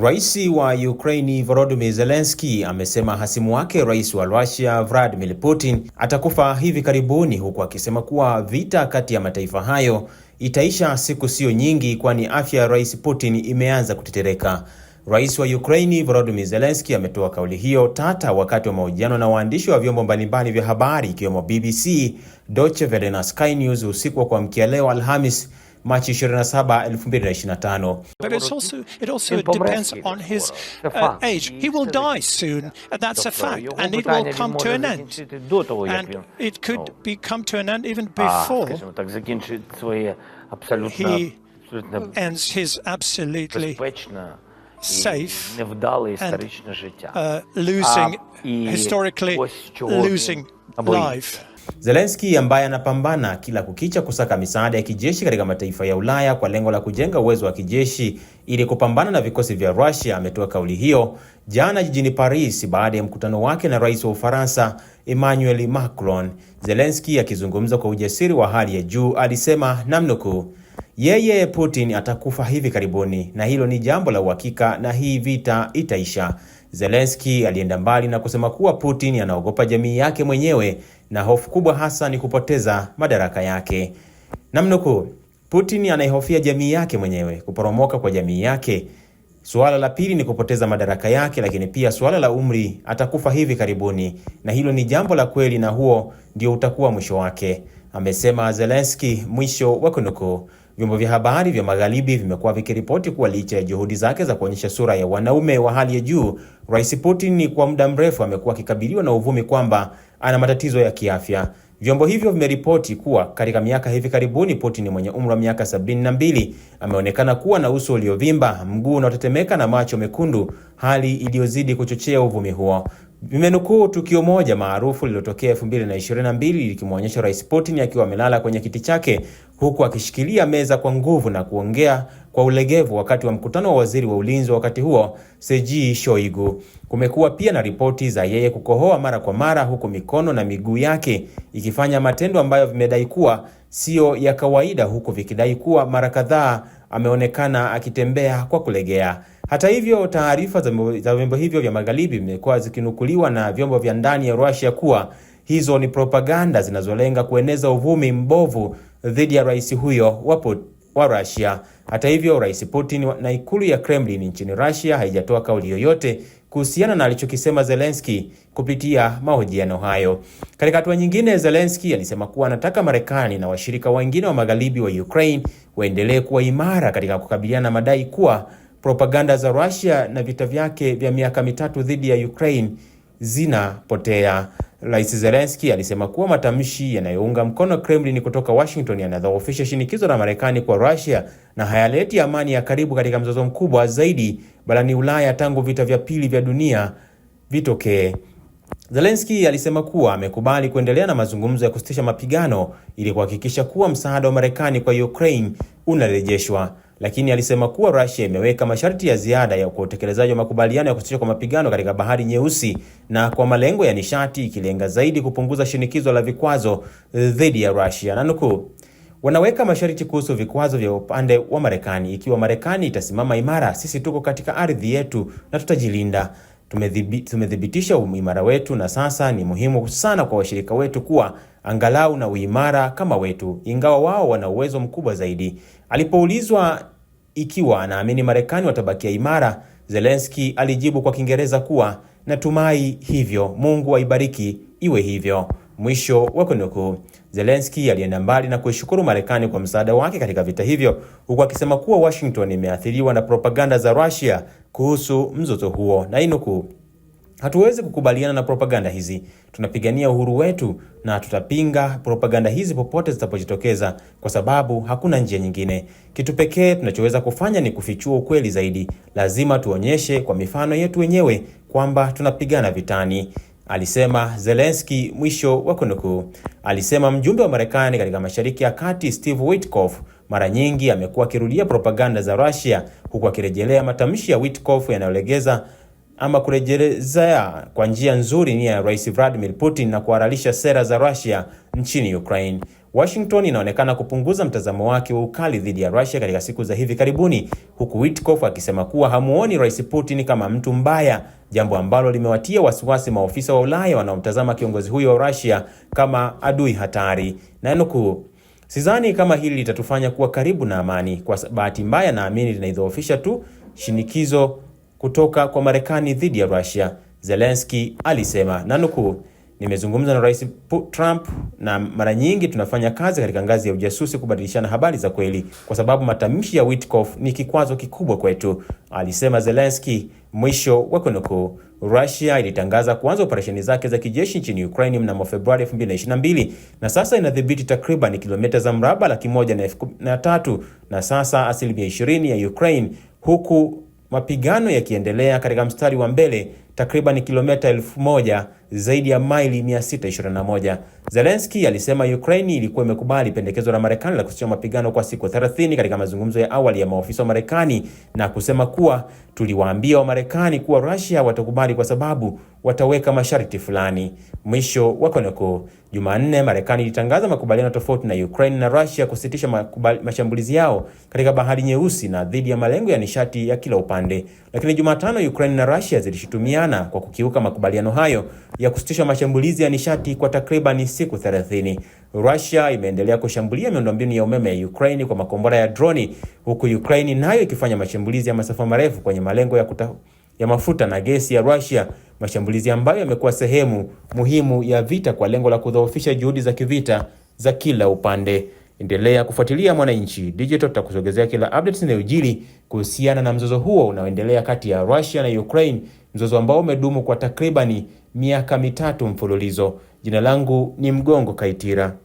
Rais wa Ukraini Volodymyr Zelensky amesema hasimu wake Rais wa Russia Vladimir Putin atakufa hivi karibuni, huku akisema kuwa vita kati ya mataifa hayo itaisha siku sio nyingi, kwani afya ya Rais Putin imeanza kutetereka. Rais wa Ukraini Volodymyr Zelensky ametoa kauli hiyo tata wakati wa mahojiano na waandishi wa vyombo mbalimbali vya habari ikiwemo BBC, Deutsche Welle na Sky News usiku wa kuamkia leo Alhamis Machi 27, 2025. But it's also, it also depends on his uh, age. He will die soon, that's a fact, and it will come to an end. And it could be come to an end even ah, before he ends his absolutely safe and uh, losing, historically losing life. Zelensky ambaye anapambana kila kukicha kusaka misaada ya kijeshi katika mataifa ya Ulaya kwa lengo la kujenga uwezo wa kijeshi ili kupambana na vikosi vya Russia ametoa kauli hiyo jana jijini Paris baada ya mkutano wake na Rais wa Ufaransa Emmanuel Macron. Zelensky akizungumza kwa ujasiri wa hali ya juu alisema namnukuu, yeye Putin atakufa hivi karibuni na hilo ni jambo la uhakika na hii vita itaisha. Zelensky alienda mbali na kusema kuwa Putin anaogopa jamii yake mwenyewe na hofu kubwa hasa ni kupoteza madaraka yake. Namnukuu, Putin anaihofia jamii yake mwenyewe, kuporomoka kwa jamii yake. Suala la pili ni kupoteza madaraka yake, lakini pia suala la umri, atakufa hivi karibuni, na hilo ni jambo la kweli, na huo ndio utakuwa mwisho wake, amesema Zelensky, mwisho wa kunukuu. Vyombo vya habari vya Magharibi vimekuwa vikiripoti kuwa licha ya juhudi zake za kuonyesha sura ya wanaume wa hali ya juu, Rais Putin kwa muda mrefu amekuwa akikabiliwa na uvumi kwamba ana matatizo ya kiafya. Vyombo hivyo vimeripoti kuwa katika miaka hivi karibuni, Putin mwenye umri wa miaka 72 ameonekana kuwa na uso uliovimba, mguu unaotetemeka na macho mekundu, hali iliyozidi kuchochea uvumi huo vimenukuu tukio moja maarufu lililotokea 2022 likimwonyesha Rais Putin akiwa amelala kwenye kiti chake huku akishikilia meza kwa nguvu na kuongea kwa ulegevu wakati wa mkutano wa waziri wa ulinzi wa wakati huo Sergei Shoigu. Kumekuwa pia na ripoti za yeye kukohoa mara kwa mara huku mikono na miguu yake ikifanya matendo ambayo vimedai kuwa siyo ya kawaida, huku vikidai kuwa mara kadhaa ameonekana akitembea kwa kulegea. Hata hivyo, taarifa za vyombo hivyo vya magharibi vimekuwa zikinukuliwa na vyombo vya ndani ya Russia kuwa hizo ni propaganda zinazolenga kueneza uvumi mbovu dhidi ya rais huyo wa wa Russia. Hata hivyo, Rais Putin na ikulu ya Kremlin nchini Russia haijatoa kauli yoyote kuhusiana na alichokisema Zelensky kupitia mahojiano hayo. Katika hatua nyingine, Zelensky alisema kuwa anataka Marekani na washirika wengine wa magharibi wa Ukraine waendelee kuwa imara katika kukabiliana na madai kuwa propaganda za Russia na vita vyake vya miaka mitatu dhidi ya Ukraine zinapotea. Rais Zelensky alisema kuwa matamshi yanayounga mkono Kremlin kutoka Washington yanadhoofisha shinikizo la Marekani kwa Russia na hayaleti amani ya karibu katika mzozo mkubwa zaidi barani Ulaya tangu vita vya pili vya dunia vitokee. Zelensky alisema kuwa amekubali kuendelea na mazungumzo ya kusitisha mapigano ili kuhakikisha kuwa msaada wa Marekani kwa Ukraine unarejeshwa lakini alisema kuwa Russia imeweka masharti ya ziada ya kwa utekelezaji wa makubaliano ya kusitisha kwa mapigano katika Bahari Nyeusi na kwa malengo ya nishati, ikilenga zaidi kupunguza shinikizo la vikwazo eh, dhidi ya Russia. Na wanaweka masharti kuhusu vikwazo vya upande wa Marekani. Ikiwa Marekani itasimama imara, sisi tuko katika ardhi yetu na tutajilinda. Tumethibitisha uimara wetu na sasa ni muhimu sana kwa washirika wetu kuwa angalau na uimara kama wetu, ingawa wao wana uwezo mkubwa zaidi. Alipoulizwa ikiwa anaamini Marekani watabakia imara, Zelensky alijibu kwa Kiingereza kuwa natumai hivyo, Mungu aibariki iwe hivyo, mwisho wa kunukuu. Zelensky alienda mbali na kuishukuru Marekani kwa msaada wake katika vita hivyo, huku akisema kuwa Washington imeathiriwa na propaganda za Russia kuhusu mzozo huo na inuku, hatuwezi kukubaliana na propaganda hizi. Tunapigania uhuru wetu na tutapinga propaganda hizi popote zitapojitokeza, kwa sababu hakuna njia nyingine. Kitu pekee tunachoweza kufanya ni kufichua ukweli zaidi. Lazima tuonyeshe kwa mifano yetu wenyewe kwamba tunapigana vitani, alisema Zelensky, mwisho wa kunukuu, alisema mjumbe wa Marekani katika Mashariki ya Kati Steve Witkoff mara nyingi amekuwa akirudia propaganda za Russia huku akirejelea matamshi ya Witkoff yanayolegeza ama kurejelezea kwa njia nzuri nia ya Rais Vladimir Putin na kuhalalisha sera za Russia nchini Ukraine. Washington inaonekana kupunguza mtazamo wake wa ukali dhidi ya Russia katika siku za hivi karibuni, huku Witkoff akisema kuwa hamuoni Rais Putin kama mtu mbaya, jambo ambalo limewatia wasiwasi maofisa wa Ulaya wanaomtazama kiongozi huyo wa Russia kama adui hatari. Nanukuu, Sidhani kama hili litatufanya kuwa karibu na amani. Kwa bahati mbaya, naamini linaidhoofisha tu shinikizo kutoka kwa Marekani dhidi ya Russia, Zelensky alisema na nukuu, nimezungumza na Rais Trump na mara nyingi tunafanya kazi katika ngazi ya ujasusi kubadilishana habari za kweli, kwa sababu matamshi ya Witkoff ni kikwazo kikubwa kwetu, alisema Zelensky. Mwisho wa kunukuu. Russia ilitangaza kuanza operesheni zake za kijeshi nchini Ukraine mnamo Februari 2022 na sasa inadhibiti takriban kilomita za mraba laki moja na elfu na tatu na sasa asilimia 20 ya Ukraine, huku mapigano yakiendelea katika mstari wa mbele takriban kilomita elfu moja zaidi ya maili 621. Zelensky alisema Ukraine ilikuwa imekubali pendekezo la Marekani la kusitisha mapigano kwa siku 30 katika mazungumzo ya awali ya maofisa wa Marekani na kusema kuwa tuliwaambia Wamarekani kuwa Russia watakubali kwa sababu wataweka masharti fulani. Mwisho wa konoko. Jumanne, Marekani ilitangaza makubaliano tofauti na Ukraine na Russia kusitisha mashambulizi yao katika Bahari Nyeusi na dhidi ya malengo ya nishati ya kila upande. Lakini Jumatano, Ukraine na Russia zilishutumiana kwa kukiuka makubaliano hayo ya kusitisha mashambulizi ya nishati kwa takriban siku 30. Russia imeendelea kushambulia miundombinu ya umeme ya Ukraine kwa makombora ya droni, huku Ukraine nayo ikifanya mashambulizi ya masafa marefu kwenye malengo ya, kuta, ya mafuta na gesi ya Russia, mashambulizi ambayo yamekuwa sehemu muhimu ya vita kwa lengo la kudhoofisha juhudi za kivita za kila upande. Endelea kufuatilia Mwananchi Digital, tutakusogezea kila updates inayojiri kuhusiana na mzozo huo unaoendelea kati ya Russia na Ukraine mzozo ambao umedumu kwa takribani miaka mitatu mfululizo. Jina langu ni Mgongo Kaitira.